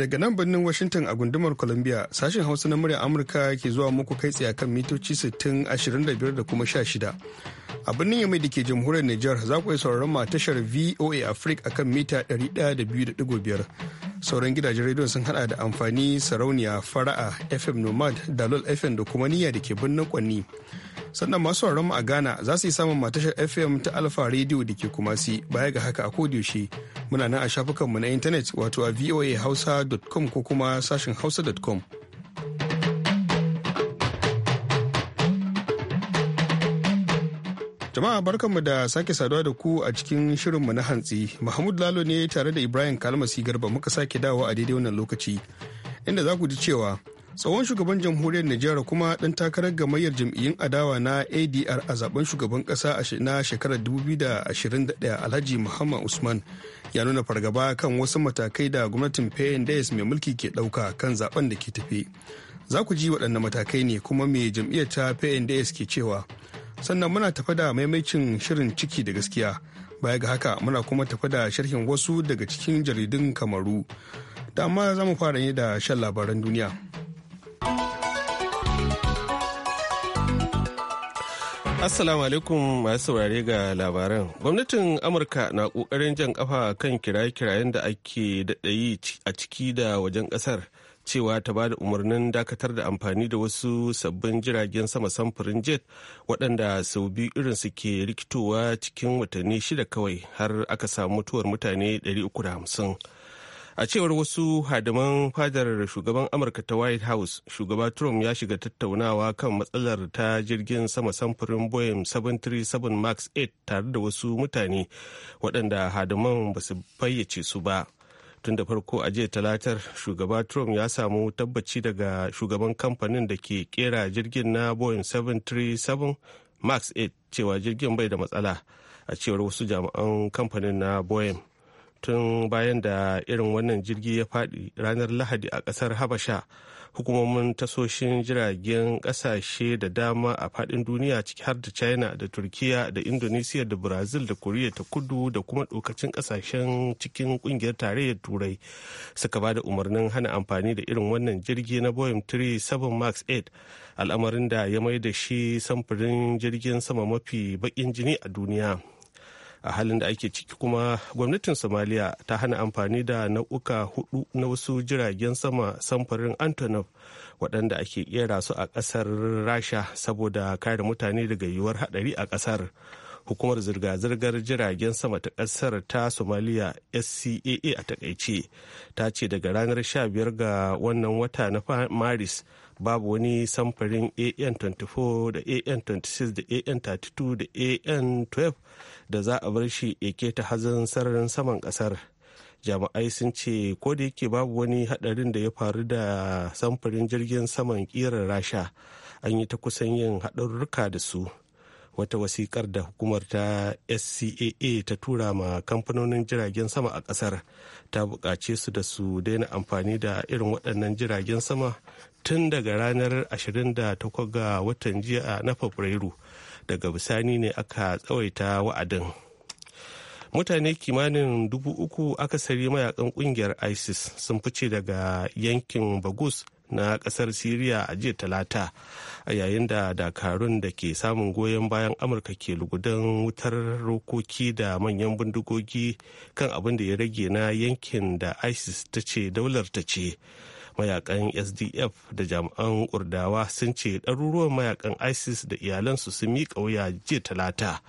Daga nan birnin Washington a gundumar Columbia sashen Hausa na murya Amurka ke zuwa muku kai tsaye kan mitoci 60, 25 da kuma 16. A birnin Yamai da ke jamhuriyar niger za ku sauraron ma tashar VOA Africa akan mita 102.5. Sauran gidajen rediyon sun hada da amfani sarauniya fara'a FM Nomad, Dalol FM da kuma niyya da ke birnin Kwanni. sannan masu mu a ghana za su yi samun matashar fm ta alfa radio da ke kumasi baya ga haka a kodiyoshi muna nan a shafukanmu na intanet wato a voa voahausa.com ko kuma sashin hausa.com jama'a barkanmu da sake saduwa da ku a cikin shirin mu na hantsi mahmud lalo ne tare da ibrahim kalmasi garba muka sake dawo a daidai wannan lokaci inda za ku ji cewa tsohon shugaban jamhuriyar Nijera kuma ɗan takarar gamayyar jam'iyyun adawa na adr a zaben shugaban ƙasa na shekarar 2021 alhaji muhammad usman ya nuna fargaba kan wasu matakai da gwamnatin pnds mai mulki ke ɗauka kan zaben da ke tafi za ku ji waɗanne matakai ne kuma mai jam'iyyar ta pnds ke cewa sannan muna tafa da maimacin shirin ciki da gaskiya baya ga haka muna kuma tafa da sharhin wasu daga cikin jaridun kamaru da amma za mu fara ne da shan labaran duniya. Assalamu alaikum masu saurare ga labaran. Gwamnatin Amurka na kokarin jan kafa kan kiraye-kirayen da ake daɗayi a ciki da wajen ƙasar cewa ta ba da umarnin dakatar da amfani da wasu sabbin jiragen sama samfurin jet waɗanda sau biyu irin su ke rikitowa cikin watanni shida kawai har aka samu mutuwar mutane 350. a cewar wasu hadiman fadar shugaban amurka ta white house shugaba trump ya shiga tattaunawa kan matsalar ta jirgin sama samfurin boeing 737 max 8 tare da wasu mutane waɗanda hadiman ba su fayyace su ba tun da farko a jiya talatar shugaba trump ya samu tabbaci daga shugaban kamfanin da ke kera jirgin na boeing 737 max 8 cewa jirgin bai da matsala a cewar wasu jami'an kamfanin na boeing tun bayan da irin wannan jirgi ya faɗi ranar lahadi a ƙasar habasha hukumomin tasoshin jiragen ƙasashe da dama a faɗin duniya ciki har da china da turkiya da indonesia da brazil da koriya ta kudu da kuma ɗokacin ƙasashen cikin ƙungiyar tarayyar turai suka ba da umarnin hana amfani da irin wannan jirgi na boeing 37 max 8 al'amarin da ya mai da shi samfurin jirgin sama mafi baƙin jini a duniya a halin da ake ciki kuma gwamnatin somalia ta hana amfani da nau'uka hudu na wasu jiragen sama samfurin antonov waɗanda ake kera su a ƙasar rasha saboda kare mutane daga yiwuwar haɗari a ƙasar hukumar zirga-zirgar jiragen sama ta ƙasar ta somalia scaa a takaice ta ce daga ranar 15 ga wannan wata na maris babu wani samfarin an24 da an26 da an32 da an12 da za a bar shi eke ta hazin sararin saman kasar jami'ai sun ce ko da yake babu wani hadarin da ya faru da samfarin jirgin saman kirar rasha an yi ta kusan yin haɗarurruka da su wata wasikar da hukumar ta scaa ta tura ma kamfanonin jiragen sama a kasar ta buƙace su da su daina amfani da irin waɗannan jiragen sama tun daga ranar 28 ga watan jiya na fabrairu daga bisani ne aka tsawaita wa'adin mutane kimanin dubu uku aka akasari mayakan kungiyar isis sun fice daga yankin bagus na kasar siriya a jiya talata a yayin da dakarun da ke samun goyon bayan amurka ke lugudan wutar rokoki da manyan bindigogi kan abin da ya rage na yankin da isis ta ce daular ta ce mayakan sdf da jami'an kurdawa sun ce ɗaruruwan mayakan isis da iyalansu sun miƙa wuya jiya talata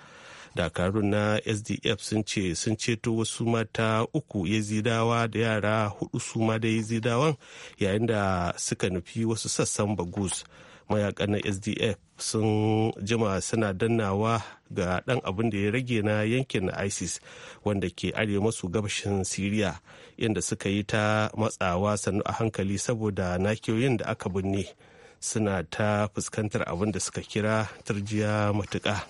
dakarun na sdf sun ce sun ceto wasu mata uku yazidawa da yara hudu su ma da yazidawan yayin da suka nufi wasu sassan bagus mayakan na sdf sun jima suna dannawa ga dan abin da ya rage na yankin isis wanda ke arewa masu gabashin syria inda suka yi ta matsawa sannu a hankali saboda na nakiyoyin da aka binne suna ta fuskantar abin da suka kira turjiya matuka.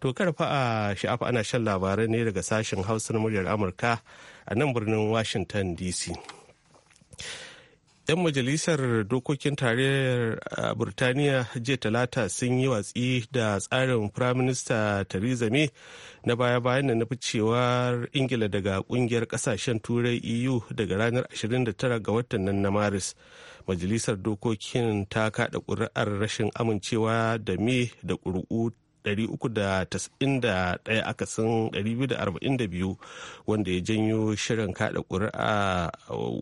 To fa a sha'afa ana shan labarai ne daga sashen hausa na muryar Amurka a nan birnin Washington DC. 'Yan majalisar dokokin tarayyar Burtaniya jiya talata sun yi watsi da tsarin Firaminista Theresa May na baya-bayan na na cewar Ingila daga kungiyar kasashen Turai EU daga ranar 29 ga watan nan na Maris. Majalisar dokokin ta kada ƙuri'ar rashin amincewa da me da ƙuri'u 391 akasin 242 wanda ya janyo shirin kada ƙuri'a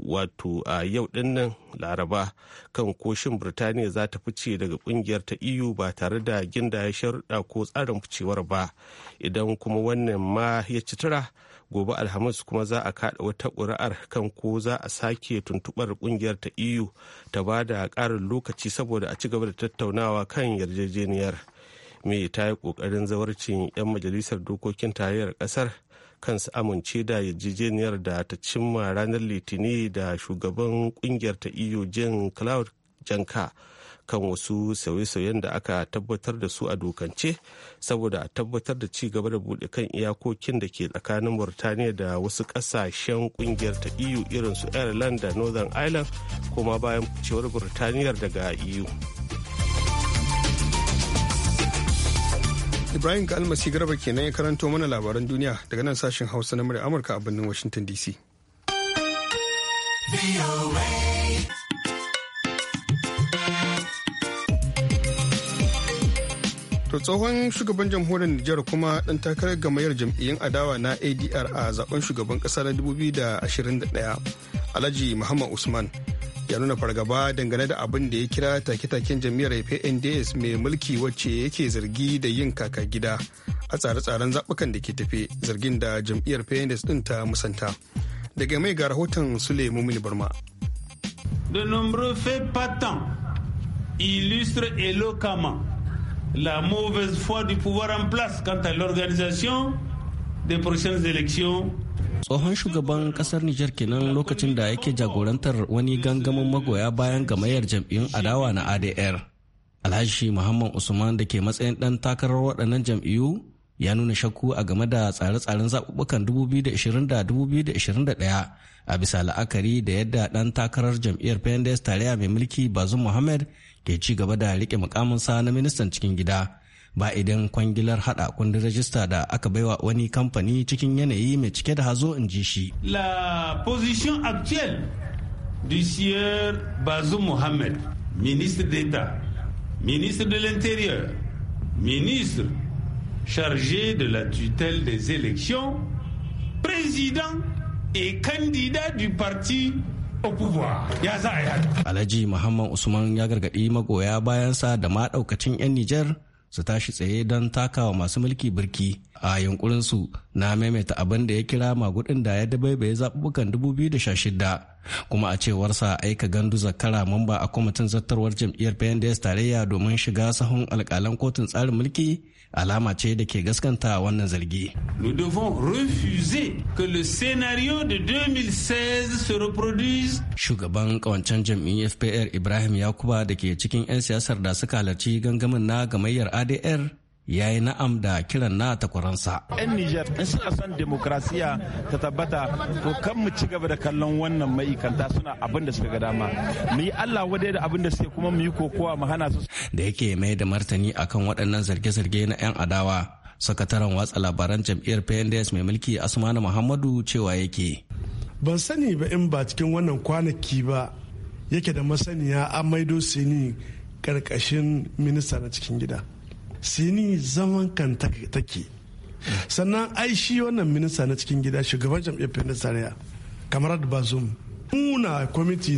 wato a yau dinnan laraba kan koshin birtaniya za ta fice daga kungiyar ta eu ba tare da gindaya sharuɗa ko tsarin ficewar ba idan kuma wannan ma ya ci tura gobe alhamis kuma za a kada wata ƙuri'ar kan ko za a sake tuntubar kungiyar ta eu ta ba da ƙarin lokaci saboda a ci gaba da tattaunawa kan yarjejeniyar mai ta yi ƙoƙarin zawarcin 'yan majalisar dokokin tarayyar ƙasar su amince da yarjejeniyar da ta cimma ranar litini da shugaban kungiyar ta iyo e jin cloud janka kan wasu sauye-sauyen da aka tabbatar da su a dokance saboda a tabbatar da ci gaba da buɗe kan iyakokin da ke tsakanin burtaniya da wasu ƙasashen ƙungiyar ta eu irinsu ireland da northern ireland kuma bayan ficewar burtaniyar daga iyo e Ibrahim Kalmasi Garba kenan ya karanto mana labaran duniya daga nan sashen Hausa na murya Amurka a birnin Washington DC. To tsohon shugaban jamhuriyar Nijar kuma dan takarar mayar jam'iyyun adawa na ADR a zaben shugaban kasa na 2021 Alhaji Muhammad Usman ya nuna fargaba dangane da abin da ya kira take-taken jam'iyyar pnds mai mulki wacce yake zargi da yin kaka gida a tsare-tsaren zaɓukan da ke tafe zargin da jam'iyyar pnds ɗin ta musanta daga mai ga rahoton sule mumini barma de nombreux faits patents illustrent éloquemment la mauvaise foi du pouvoir en place quant à l'organisation des prochaines élections tsohon shugaban kasar Nijar kenan lokacin da yake jagorantar wani gangamin magoya bayan gamayyar jam'iyyun adawa na ADR. Alhaji Muhammad Usman da ke matsayin ɗan takarar waɗannan jam'iyyu ya nuna shakku a game da tsare-tsaren zaɓuɓɓukan 2020 da 2021 a bisa la'akari da yadda ɗan takarar jam'iyyar PNDS tarayya mai mulki Bazum Muhammad ke ci gaba da riƙe sa na ministan cikin gida. ba idan kwangilar hada kundin rajista da aka baiwa wani kamfani cikin yanayi mai cike da hazo in ji shi. La position actuelle du sieur Bazoum Mohamed, ministre d'État, ministre de l'Intérieur, ministre chargé de la tutelle des élections, président et candidat du parti Alhaji Muhammad Usman ya gargaɗi magoya bayansa da ma ɗaukacin 'yan Nijar su tashi tsaye don takawa masu mulki birki a yunkurinsu na maimaita abin da ya kira magudin da ya dabaibaye zaɓuɓɓukan 2016 kuma a cewarsa aika gandu zakara mamba a kwamitin zartarwar jam'iyyar pnds tarayya domin shiga sahun alkalan kotun tsarin mulki alama ce da ke gaskanta wannan zargi. Nous devons refuser que le scénario de 2016 se reproduise. Shugaban kawancen jam'in FPR Ibrahim Yakuba da ke cikin 'yan siyasar da suka halarci gangamin na gamayyar ADR ya yi na'am da kiran na takwaransa. 'Yan Nijar in suna son demokrasiya ta tabbata to kan mu ci gaba da kallon wannan ma'aikanta suna abin da suka ga dama. Mu yi Allah wadai da abin da suke kuma mu yi kokowa mu hana su. Da yake mai da martani akan waɗannan zarge-zarge na 'yan adawa. Sakataren watsa labaran jam'iyyar PNDS mai mulki Asmanu Muhammadu cewa yake. Ban sani ba in ba cikin wannan kwanaki ba yake da masaniya a maido sini karkashin minista na cikin gida. sini zaman kan take sannan ai shi wannan minista na cikin gida shugaban jam'iyyar pendas tarayya kamar bazum muna kwamiti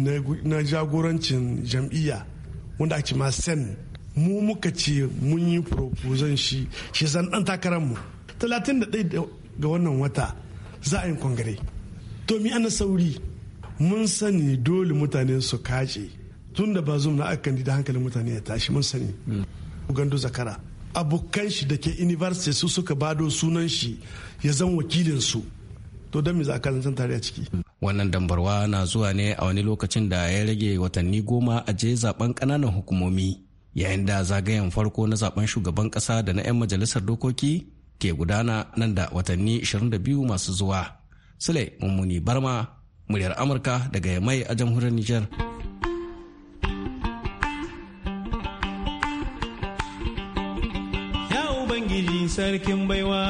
na jagorancin jam'iyya wanda ake ma sen mu muka ce mun yi proposal shi shi zan dan mu 31 ga wannan wata za a yi kongare to mi ana sauri mun sani dole mutane su kace tun da bazum na akan da hankalin mutane ya tashi mun sani gandu zakara abokan shi da ke university su suka bado sunan shi ya zan wakilin su to don me za ka zan tare a ciki wannan dambarwa na zuwa ne a wani lokacin da ya rage watanni goma a je zaben kananan hukumomi yayin da zagayen farko na zaben shugaban kasa da na 'yan majalisar dokoki ke gudana nan da watanni 22 masu zuwa sule mummuni barma muryar amurka daga mai a jamhuriyar niger sarkin baiwa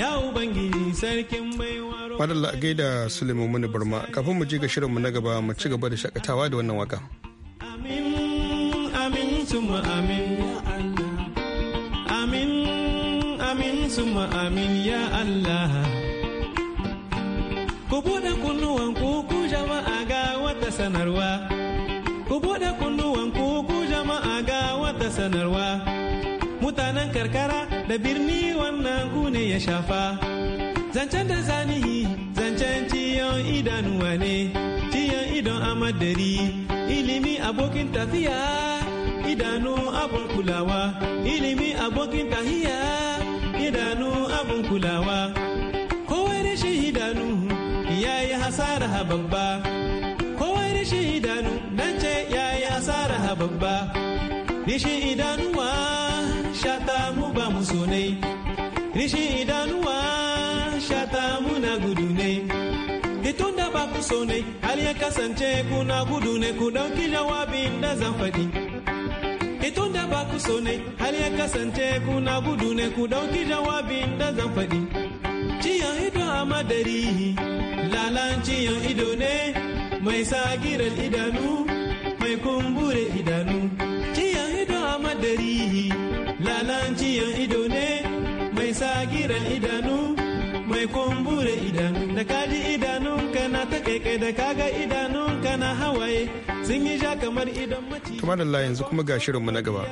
ya ubangiji sarkin baiwa madalla a gaida suleiman mani barma kafin mu je ga shirinmu na gaba mu ci gaba da shakatawa da wannan waka amin amin suma amin ya allah amin amin suma amin ya allah ku buɗe kunnuwan ku ku jama'a ga wata sanarwa ku buɗe kunnuwan ku ku jama'a ga wata sanarwa nan karkara da birni wannan ku ne ya shafa. Zancen da zanihi zancen ciyon idanuwa ne, ciyon idon amadari, ilimi abokin tafiya, idanu abun kulawa, ilimi abokin tahiya, idanu abun kulawa. Kowai rashin idanu ya yi hasara babba, kowai rashin idanu nan ce ya yi hasara babba, rashin idanuwa. shata mu ba mu so ne rishin idanuwa shata muna gudu ne itun da ba ku so ne hal ya kasance na gudu ne ku dauki jawabin da zan faɗi itun da ba ku so ne hal ya kasance na gudu ne ku dauki jawabin da zan faɗi ciyan ido a madari lalan ciyan ido ne mai sagirar idanu mai kumbure idanu ciyan ido a madari yalan ciyon ido ne mai sagiran idanu mai kumbure idanu da kaji idanu kana ta kaikai da kaga idanu kana hawaye sun yi ja kamar idan mace kuma da yanzu kuma ga shirinmu na gaba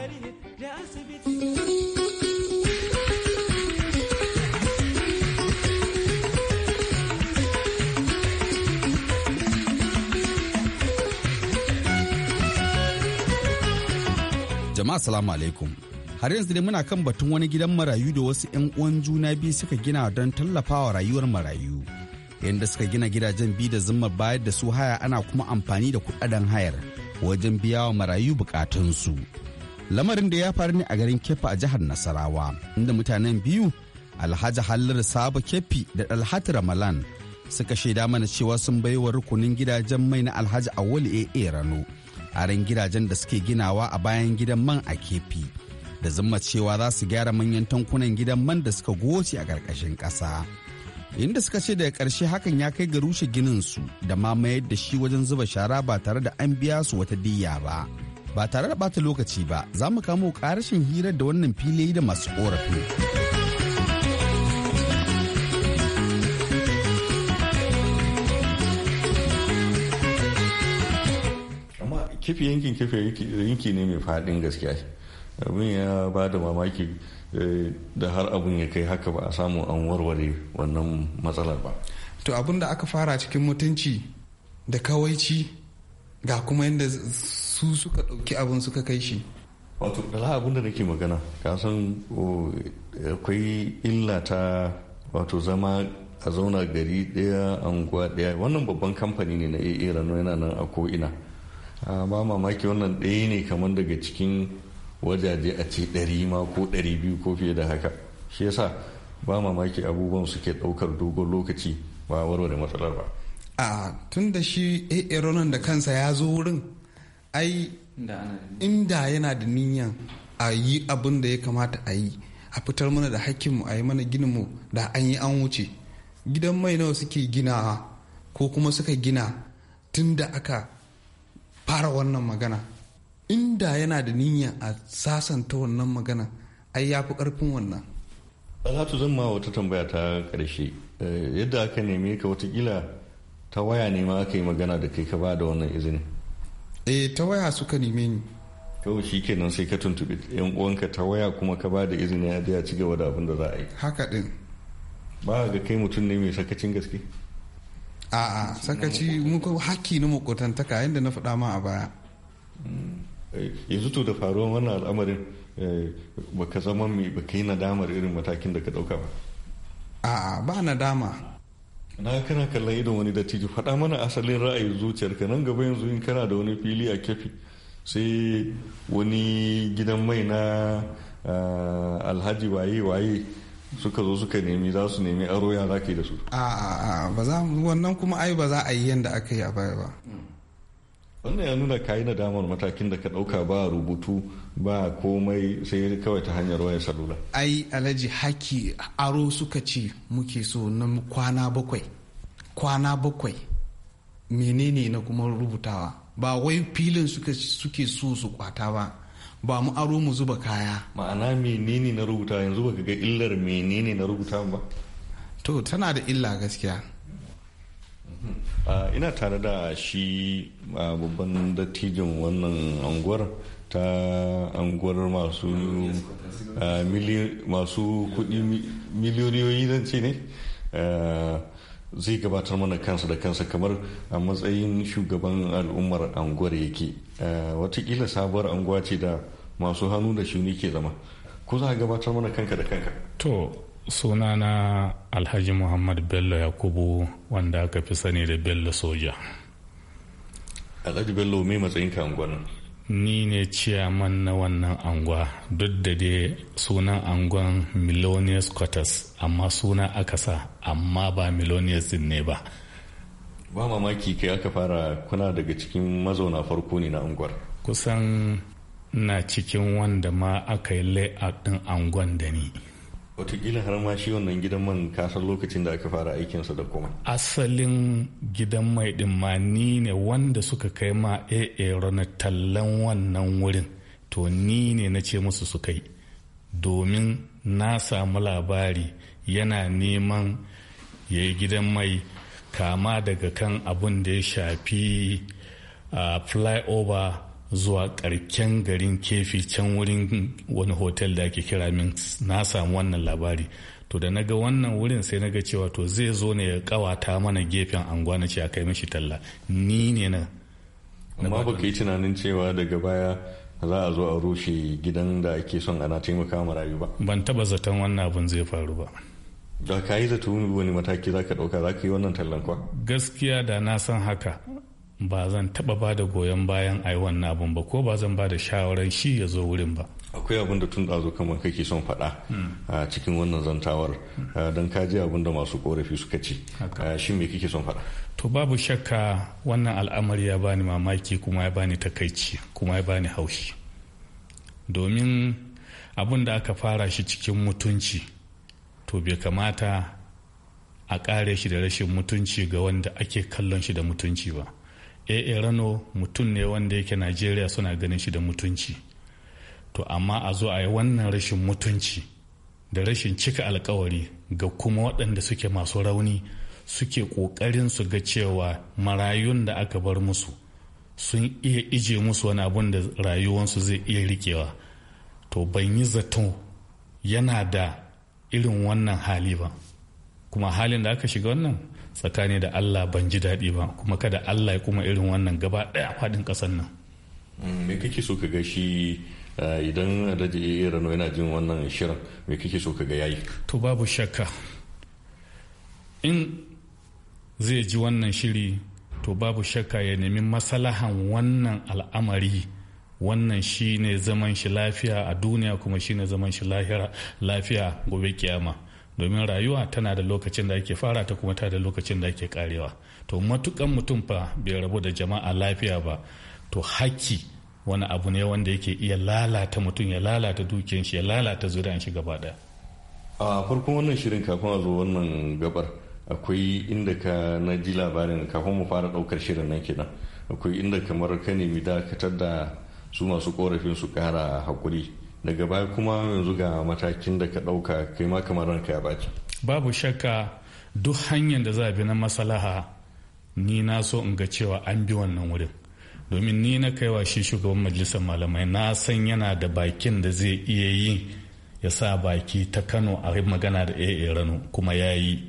jama'a salamu alaikum har yanzu dai muna kan batun wani gidan marayu da wasu 'yan uwan juna biyu suka gina don tallafawa rayuwar marayu yadda suka gina gidajen biyu da zimmar bayar da su haya ana kuma amfani da kudaden hayar wajen biya wa marayu bukatunsu lamarin da ya faru ne a garin kefa a jihar nasarawa inda mutanen biyu alhaji halar saba kefi da alhaji ramalan suka shaida mana cewa sun baiwa rukunin gidajen mai na alhaji awali a rano a gidajen da suke ginawa a bayan gidan man a kefi da zama cewa za su gyara manyan tankunan gidan man da suka goce a ƙarƙashin ƙasa inda suka ce daga ƙarshe hakan ya kai ga rushe ginin su da ma mayar da shi wajen zuba shara ba tare da an biya su wata diya ba ba tare da bata lokaci ba za mu kamo ƙarashin hirar da wannan fili da masu ƙorafin. kifi yankin kifi yanki ne mai faɗin gaskiya abin ya ba da mamaki eh, da har abin ya kai haka ba a samu an warware wannan matsalar ba to abin da aka fara cikin mutunci da kawaici ga kuma yadda su suka ɗauki abin suka kai shi wato ɗala abin da nake magana kasan akwai illa ta wato zama a zauna gari ɗaya anguwa ɗaya wannan babban kamfani ne na iya Rano yana nan a ko'ina ah, ba mamaki wannan ɗaya ne kamar daga cikin wajaje a ce ɗari ma ko ɗari biyu ko fiye da haka shi yasa ba mamaki abubuwan suke ɗaukar dogon lokaci ba warware matsalar ba a tun da shi aaron da kansa ya zo wurin ai inda yana da niyan a yi abin da ya kamata a yi a fitar mana da hakkinmu a yi mana gininmu da an yi an wuce gidan mai nawa suke ginawa ko kuma suka gina tun da aka fara wannan magana inda yana da niyya a sasanta wannan magana ai ya fi karfin wannan alhatu zan ma wata tambaya ta ƙarshe eh, yadda aka neme ka watakila ta waya ne ma aka yi magana da kai ka ba da wannan izini eh ta waya suka neme ni kawai shi kenan sai ka tuntubi yan uwanka ta waya kuma ka ba da izini ya ya ci gaba da abin da za a yi haka din ba ga kai mutum ne mai sakacin gaske a'a sakaci muka haƙƙi na kotantaka yadda na faɗa ma a baya hmm. Eh, yanzu to da faruwar wannan al'amarin eh, baka zama mai ka yi nadamar irin matakin da ka dauka ba a ba nadama na kana kallon idon wani dattijo faɗa mana asalin ra'ayin zuciyarka nan gaba yanzu in kana da wani fili a kefi sai wani gidan mai na eh, alhaji waye waye suka zo suka nemi za su nemi aro ya za da su a wannan kuma ai ba za a yi yanda aka yi a baya ba wannan ya nuna kayi damar matakin da ka dauka ba rubutu ba komai sai kawai ta hanyar wayar salula ai alhaji haki aro suka ce muke so na kwana bakwai kwana bakwai menene na kuma rubutawa ba wai filin suke so su kwata ba ba mu aro mu zuba kaya ma'ana menene na rubuta yanzu baka ga illar menene na rubuta ba to tana da illa gaskiya mhm. ina tare da shi babban dattijin wannan anguwar ta anguwar masu masu kudi miliyoyi zan ce ne zai gabatar mana kansa da kansa kamar a matsayin shugaban al'ummar anguwar yake watakila sabuwar anguwa ce da masu hannu da shuni ke zama ko za a gabatar mana kanka da kanka to sunana alhaji muhammad bello yakubu wanda aka fi sani da bello soja alhaji bello mai matsayin ka ni ne ciyaman na wannan angwa duk da dai sunan angon milonius quarters amma suna aka sa amma ba milonius din ne ba ba mamaki kai aka fara kuna daga cikin mazauna farko ne na unguwar kusan na cikin wanda ma aka yi layout din angon da ni watakila har ma shi wannan gidan man kasar lokacin da aka fara aikinsa da kuma. asalin gidan mai dimani ne wanda suka kai ma aa na tallan wannan wurin to ni ne na ce musu su kai domin na samu labari yana neman ya yi gidan mai kama daga kan abun da ya shafi ah, flyover zuwa karken garin kefi can wurin wani hotel da ake kira min na samu wannan labari to da naga wannan wurin sai naga cewa to zai zo ne ya kawata mana gefen anguwa na ce a kai mishi talla ni ne na amma ka yi tunanin cewa daga baya za a zo a rushe gidan da ake son ana taimaka ma rayu ba ban taba zaton wannan abin zai faru ba da ka yi zato wani mataki za ka ɗauka za ka yi wannan tallan kwa gaskiya da na san haka ba zan taba ba da goyon bayan ai wannan abun ba ko ba zan ba da shawaran shi ya zo wurin ba akwai abin da tun ɗazu kamar kake son faɗa hmm. a cikin wannan zantawar hmm. don ka abin da masu korafi suka ce shi me kake son faɗa to babu shakka wannan al'amari ya bani mamaki kuma ya bani takaici kuma ya bani haushi domin abin da aka fara shi cikin mutunci to bai kamata a kare shi da rashin mutunci ga wanda ake kallon shi da mutunci ba AA Rano mutum ne wanda yake Najeriya suna ganin shi da mutunci. To amma a zo a yi wannan rashin mutunci da rashin cika alkawari ga kuma waɗanda suke masu rauni suke ƙoƙarin su ga cewa marayun da aka bar musu sun iya ije musu wani abun da rayuwansu zai iya riƙewa. To ban yi zato yana da irin wannan hali ba. kuma halin da aka shiga wannan tsakani da allah ban ji daɗi ba kuma kada allah ya kuma irin wannan gaba ɗaya faɗin ƙasar nan mm, me kake so ka ga shi eh, idan daji rano yana jin wannan shirin me kake so ka ga yayi to babu shakka in zai ji wannan shiri to babu shakka ya nemi masalahan wannan al'amari wannan shi ne zaman shi lafiya a duniya kuma shi ne zaman shi lafiya gobe kiyama domin rayuwa tana da lokacin da ake fara ta kuma tana da lokacin da ake karewa to matukan mutum fa bai rabu da jama'a lafiya ba to haki wani abu ne wanda yake iya lalata mutum ya lalata dukiyan shi ya lalata zuriyar shi gaba a farkon wannan shirin kafin a zo wannan gabar akwai inda ka na ji labarin kafin mu fara daukar shirin nan kenan akwai inda kamar ka nemi dakatar da su masu korafin su kara hakuri daga baya kuma yanzu ga matakin da ka ɗauka kai ma kamar ranka ya baki babu shakka duk hanyar da za a bi na masalaha ni na so in ga cewa an bi wannan wurin domin ni na kaiwa shi shugaban majalisar malamai na san yana da bakin da zai iya yi ya sa baki ta kano a magana da AA rano kuma ya yi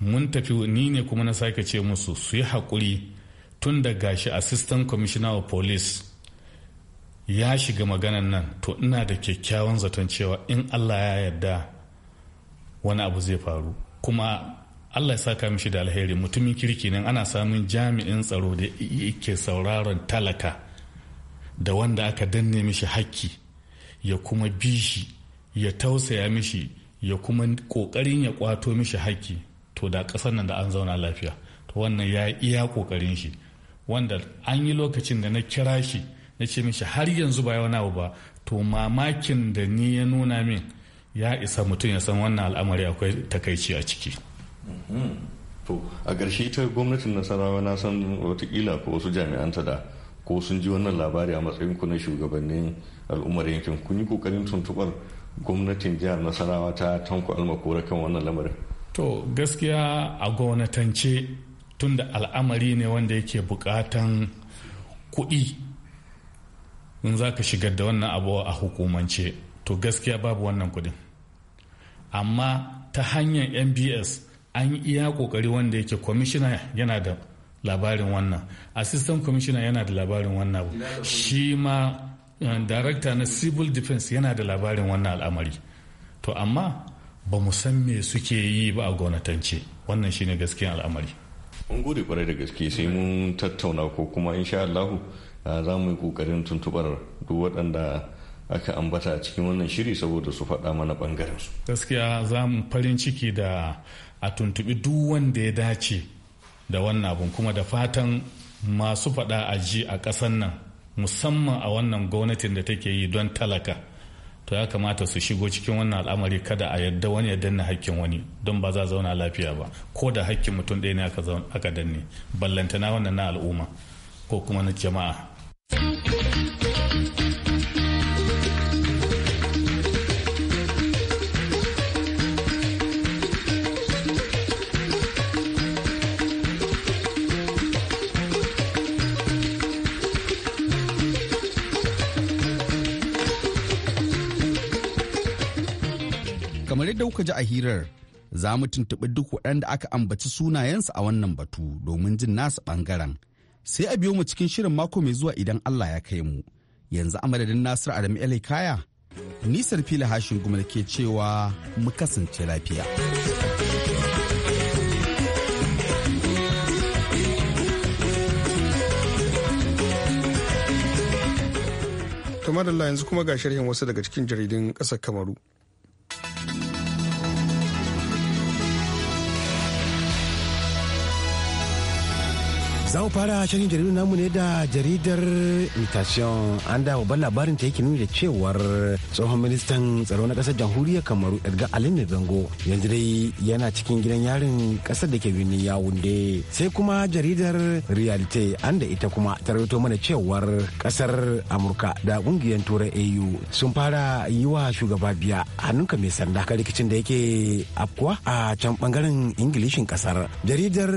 mun tafi ni ne kuma na sake ce musu su yi haƙuri tun da gashi assistant commissioner of police ya shiga maganan nan to ina da kyakkyawan zaton cewa in allah ya yarda wani abu zai faru kuma allah ya saka mishi da alheri mutumin kirki nan ana samun jami'in tsaro da yake sauraron talaka da wanda aka danne mishi hakki ya kuma bi shi ya tausaya mishi ya kuma kokarin ya kwato mishi hakki to da ƙasan nan da an zauna lafiya to wannan ya iya kokarin shi wanda an yi lokacin da na kira shi na ce mishi har yanzu ba wani abu ba to mamakin da ni ya nuna min ya isa mutum ya san wannan al'amari akwai takaici a ciki mm-hmm. to a ƙarshe ta gwamnatin nasarawa na san watakila ko wasu jami'anta da ko sun ji wannan labari a matsayin ku na shugabannin al'ummar yankin kun yi kokarin tuntubar gwamnatin jihar nasarawa ta tanko almakora kan wannan lamarin to gaskiya a gwamnatance tunda al'amari ne wanda yake bukatan kuɗi in za ka shigar da wannan abu a hukumance to gaskiya babu wannan kudin amma ta hanyar mbs an yi iya kokari wanda yake kwamishina yana da labarin wannan assistant commissioner yana da labarin wannan abu shi ma eh, director na civil defense yana da labarin wannan al'amari to amma ba mu san me suke yi ba a gwamnatance wannan shine gaskiyan al'amari mun gode kwarai da gaske sai mun tattauna ko kuma insha Allahu za mu yi kokarin tuntubar duk waɗanda aka ambata cikin wannan shiri saboda su faɗa mana ɓangaren su gaskiya za mu farin ciki da a tuntubi duk wanda ya dace da wannan abun kuma da fatan masu faɗa a ji a ƙasan nan musamman a wannan gwamnatin da take yi don talaka to ya kamata su shigo cikin wannan al'amari kada a yarda wani ya danna hakkin wani don ba za zauna lafiya ba ko da hakkin mutum ɗaya ne aka danne ballantana wannan na al'umma ko kuma na jama'a kamar yadda kuka ji a hirar za mu tuntuɓi duk waɗanda aka ambaci sunayensu a wannan batu domin jin nasu ɓangaren sai a biyo mu cikin shirin mako mai zuwa idan Allah ya kai mu. Yanzu a madadin Nasiru Adamu Elikaya Kaya, nisar fila hashin gumar ke cewa mu kasance lafiya. kamar da yanzu kuma ga sharhin wasu daga cikin jaridun ƙasar kamaru za fara shirin jaridu namu ne da jaridar mutation an da babban labarin ta yake nuni da cewar tsohon ministan tsaro na kasar jamhuriyar kamaru edgar alimi zango yanzu dai yana cikin gidan yarin kasar da ke ya wunde sai kuma jaridar realite an da ita kuma ta rawaito mana cewar kasar amurka da kungiyar turai au sun fara yi wa shugaba biya ka mai sanda ka rikicin da yake afkuwa a can bangaren ingilishin kasar jaridar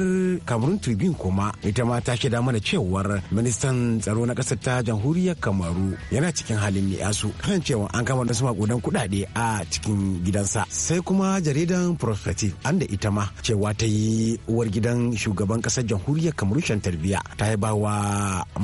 kamarun tribune kuma ita ita ma ta shaida mana cewar ministan tsaro na kasarta ta jamhuriyar kamaru yana cikin halin asu kan cewa an kama wasu makudan kudade a cikin gidansa sai kuma jaridan prophetic an da ita ma cewa ta yi uwar gidan shugaban ƙasar jamhuriyar kamaru shan tarbiyya ta yi bawa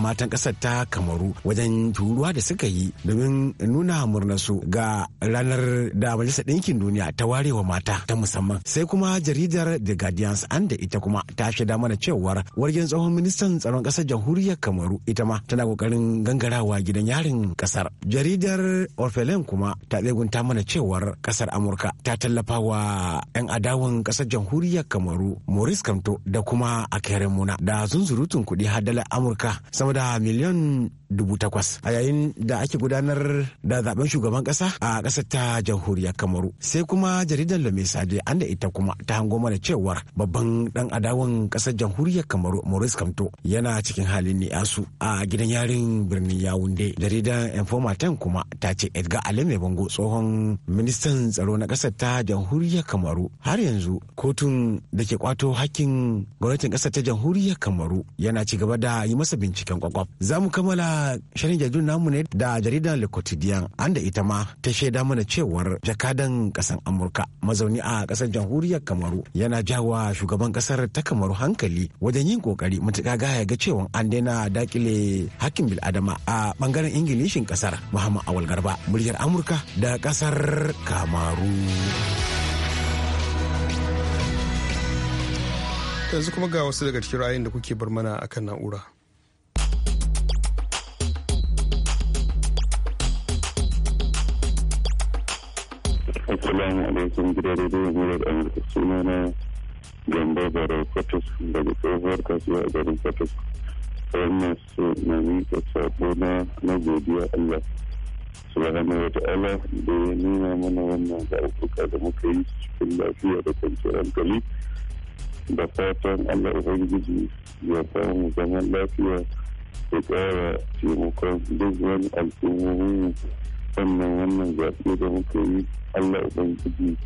matan kasar ta kamaru wajen turuwa da suka yi domin nuna murnarsu ga ranar da majalisar ɗinkin duniya ta warewa mata ta musamman sai kuma jaridar the guardians an da ita kuma ta shaida mana cewar wargin tsohon tsohon ministan tsaron ƙasar jamhuriyar kamaru ita ma tana ƙoƙarin gangarawa gidan yarin ƙasar jaridar orphelin kuma ta tsegunta mana cewar ƙasar amurka ta tallafa wa 'yan adawan ƙasar jamhuriyar kamaru maurice kamto da kuma a muna da zunzurutun kuɗi har dalar amurka sama da miliyan dubu takwas a yayin da ake gudanar da zaben shugaban kasa a kasar ta jamhuriyar kamaru sai kuma jaridar lame sade an da ita kuma ta hango mana cewar babban dan adawan kasar jamhuriyar kamaru maurice kamto yana cikin halin ni'asu a gidan yarin birnin yawunde jaridar informa kuma ta ce edgar aleme bango tsohon ministan tsaro na kasar ta jamhuriyar kamaru har yanzu kotun da ke kwato hakkin gwamnatin kasar ta jamhuriyar kamaru yana ci gaba da yi masa binciken kwakwaf za mu kammala shirin jaridun namu ne da jaridar Le Quotidien an da ita ma ta shaida mana cewar jakadan kasan Amurka mazauni a kasar jamhuriyar Kamaru yana jawa shugaban kasar ta Kamaru hankali wajen yin kokari matuƙa gaya ga cewa an daina dakile hakkin bil'adama a bangaren Ingilishin kasar Muhammad Awal Garba muryar Amurka da kasar Kamaru. yanzu kuma ga wasu daga cikin ra'ayin da kuke bar mana akan na'ura Assalamu alaikum gidan rediyon murar Amurka suna na Gambo Barau Kwatas daga tsohuwar kasuwa a garin Kwatas. Wannan masu na miƙa sabo na na godiya Allah. Subhanahu wa ta'ala da ya nuna mana wannan zaɓuɓɓuka da muka yi cikin lafiya da kwanciyar hankali. Da fatan Allah Ubangiji ya samu zaman lafiya ya ƙara taimakon duk wani al'ummomin sannan wannan zaɓe da muka yi allah ubangiji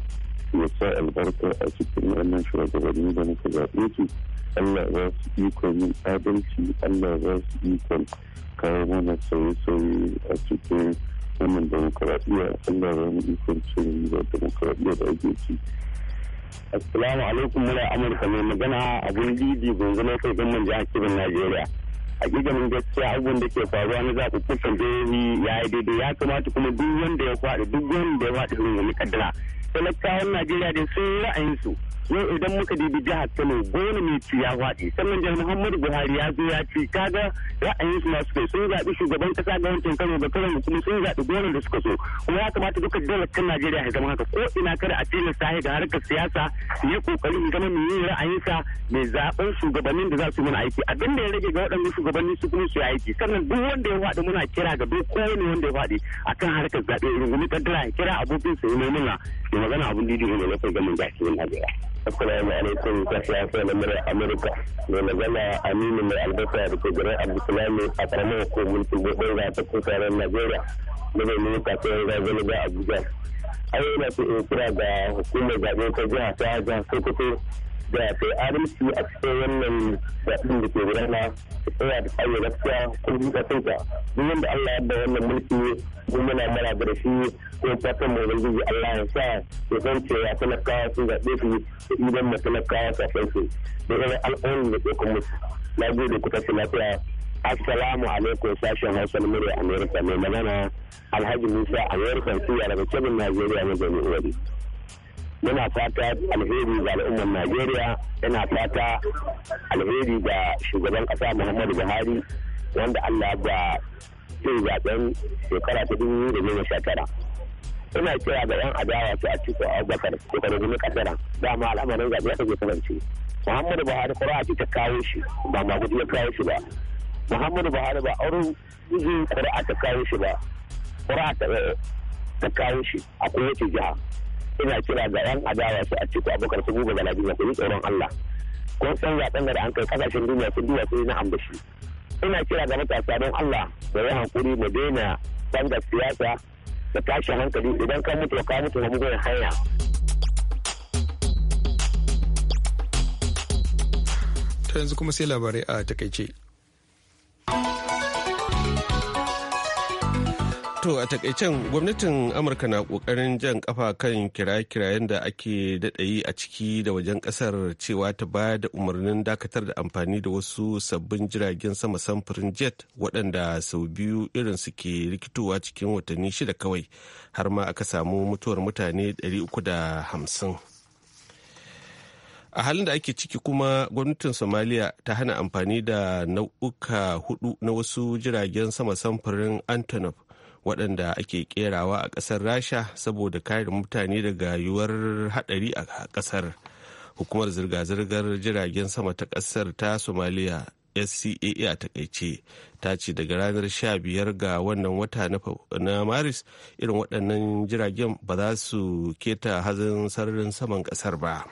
ya sa albarka a cikin wannan shugabanni da muka zaɓe su allah za su ikon yin adalci allah za su ikon kawo mana sauye-sauye a cikin wannan demokuraɗiyya allah za mu ikon cin da demokuraɗiyya da ake ci assalamu alaikum mura amurka mai magana abin didi gungunar kai gwamnan jihar kebin najeriya hakikanin gaskiya abubuwan da ke faruwa na zaɓuɓɓukan jihohi ya yi daidai ya kamata kuma duk wanda ya faɗi duk wanda ya faɗi irin wani kaddara talakawan najeriya da sun ra'ayinsu yau idan muka dibi jihar Kano gona mai ci ya faɗi sannan jihar Muhammadu Buhari ya zo ya ci kaga ra'ayin su masu kai sun zaɓi shugaban kasa ga wancan Kano da Kano kuma sun zaɓi gona da suka so kuma ya kamata duka kan Najeriya ya zama haka ko ina kada a tilasta ga harkar siyasa ya kokari in zama mai ra'ayin ra'ayinsa mai zaɓen shugabannin da za su mana aiki abin da ya rage ga waɗannan shugabanni su kuma su yi aiki sannan duk wanda ya faɗi muna kira ga duk kowane wanda ya faɗi akan harkar zaɓe irin gumi kaddara ya kira sa ya nemi na ya magana abin didi ne na ba shi wani Najeriya. Assalamu alaikum sashi hasa na murar Amurka. Mai magana Aminu mai albasa da ke garin Abdulsalami a karamar ko mulkin gudun ga ta kusurar Najeriya. Daga ya zai zama da Abuja. Ai yana in kira da hukumar zaɓe ta jiha ta jihar Sokoto da ta adalci a cikin wannan zaɓen da ke gudana ta tsaya da tsaye gaskiya kun ji kasin ta duk wanda Allah ya da wannan mulki mu muna mara da shi ko fatan mu ubangiji Allah ya sa ya san cewa talakawa sun zaɓe su da idan mu talakawa kafin su da irin al'amuran da ke kuma na gode ku tashi lafiya Assalamu alaikum sashen Hausa na murya Amerika mai magana Alhaji Musa a Amerika Siya daga kebin Najeriya na Jami'u Wadi. muna fata alheri ga al'ummar najeriya yana fata alheri ga shugaban kasa muhammadu buhari wanda allah ba zai zaben shekara ta dubu da goma sha tara ina kira ga yan adawa su a cikin abubakar ko kada zumi kadara dama al'amarin zaɓe ya kaje kasance muhammadu buhari kura ce ta kawo shi ba ma magudi ya kawo shi ba muhammadu buhari ba auren zuzu kura ta kawo shi ba kura eh, ta kawo shi a kowace jiha ina kira ga yan adawa su a cikin abokan su buga galabiya ku yi tsoron Allah ko san tsanga da an kai kasashen duniya sun duba sun yi na ambashi ina kira ga matasa don Allah da ya hankuri mu daina canza siyasa da tashin hankali idan ka mutu ka mutu na mugun hanya. Ta yanzu kuma sai labarai a takaice. To a takaicen gwamnatin Amurka na kokarin jan kafa kan kiraye-kirayen da ake daɗayi a ciki da wajen ƙasar cewa ta ba da umarnin dakatar da amfani da wasu sabbin jiragen sama samfurin jet waɗanda sau biyu irin suke rikitowa cikin watanni shida kawai har ma aka samu mutuwar mutane 350. a halin da ake ciki kuma gwamnatin somaliya ta hana amfani da nau'uka hudu na wasu jiragen sama samfurin antonov waɗanda ake kerawa a ƙasar rasha saboda kare mutane daga yiwuwar haɗari a ƙasar hukumar zirga-zirgar jiragen sama ta ƙasar ta somalia scaa a takaice ta ce daga ranar sha biyar ga wannan wata na maris irin waɗannan jiragen ba za su keta hazin sararin saman ƙasar ba.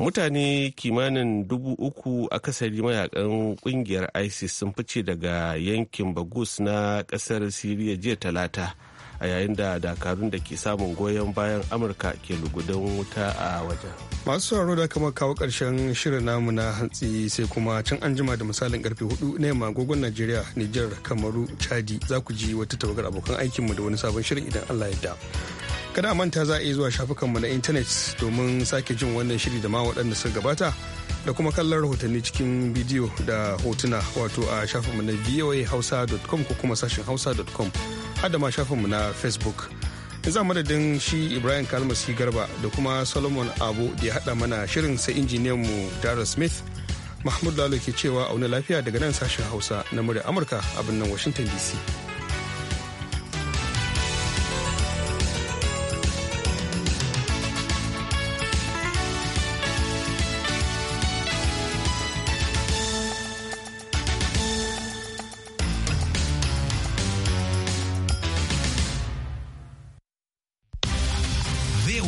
mutane kimanin dubu uku akasari mayakan kungiyar isis sun fice daga yankin bagus na kasar siriya jiya talata a yayin da dakarun da ke samun goyon bayan amurka ke lugudan wuta a wajen masu sauraro da kama kawo karshen shirin namu na hantsi sai kuma can anjima da misalin karfe hudu na yamma agogon najeriya nijar kamaru chadi za ku ji wata tawagar abokan aikinmu da wani sabon shirin idan allah ya da kada manta za a iya zuwa shafukanmu na intanet domin sake jin wannan shiri da ma waɗanda suka gabata da kuma kallon rahotanni cikin bidiyo da hotuna wato a shafinmu na voahausa.com ko kuma sashen hausa.com har da ma shafinmu na facebook za madadin shi ibrahim kalmasi garba da kuma solomon abu da ya haɗa mana shirin sai injiniyan mu dara smith mahmud lalo ke cewa auna lafiya daga nan sashen hausa na murya amurka a birnin washington dc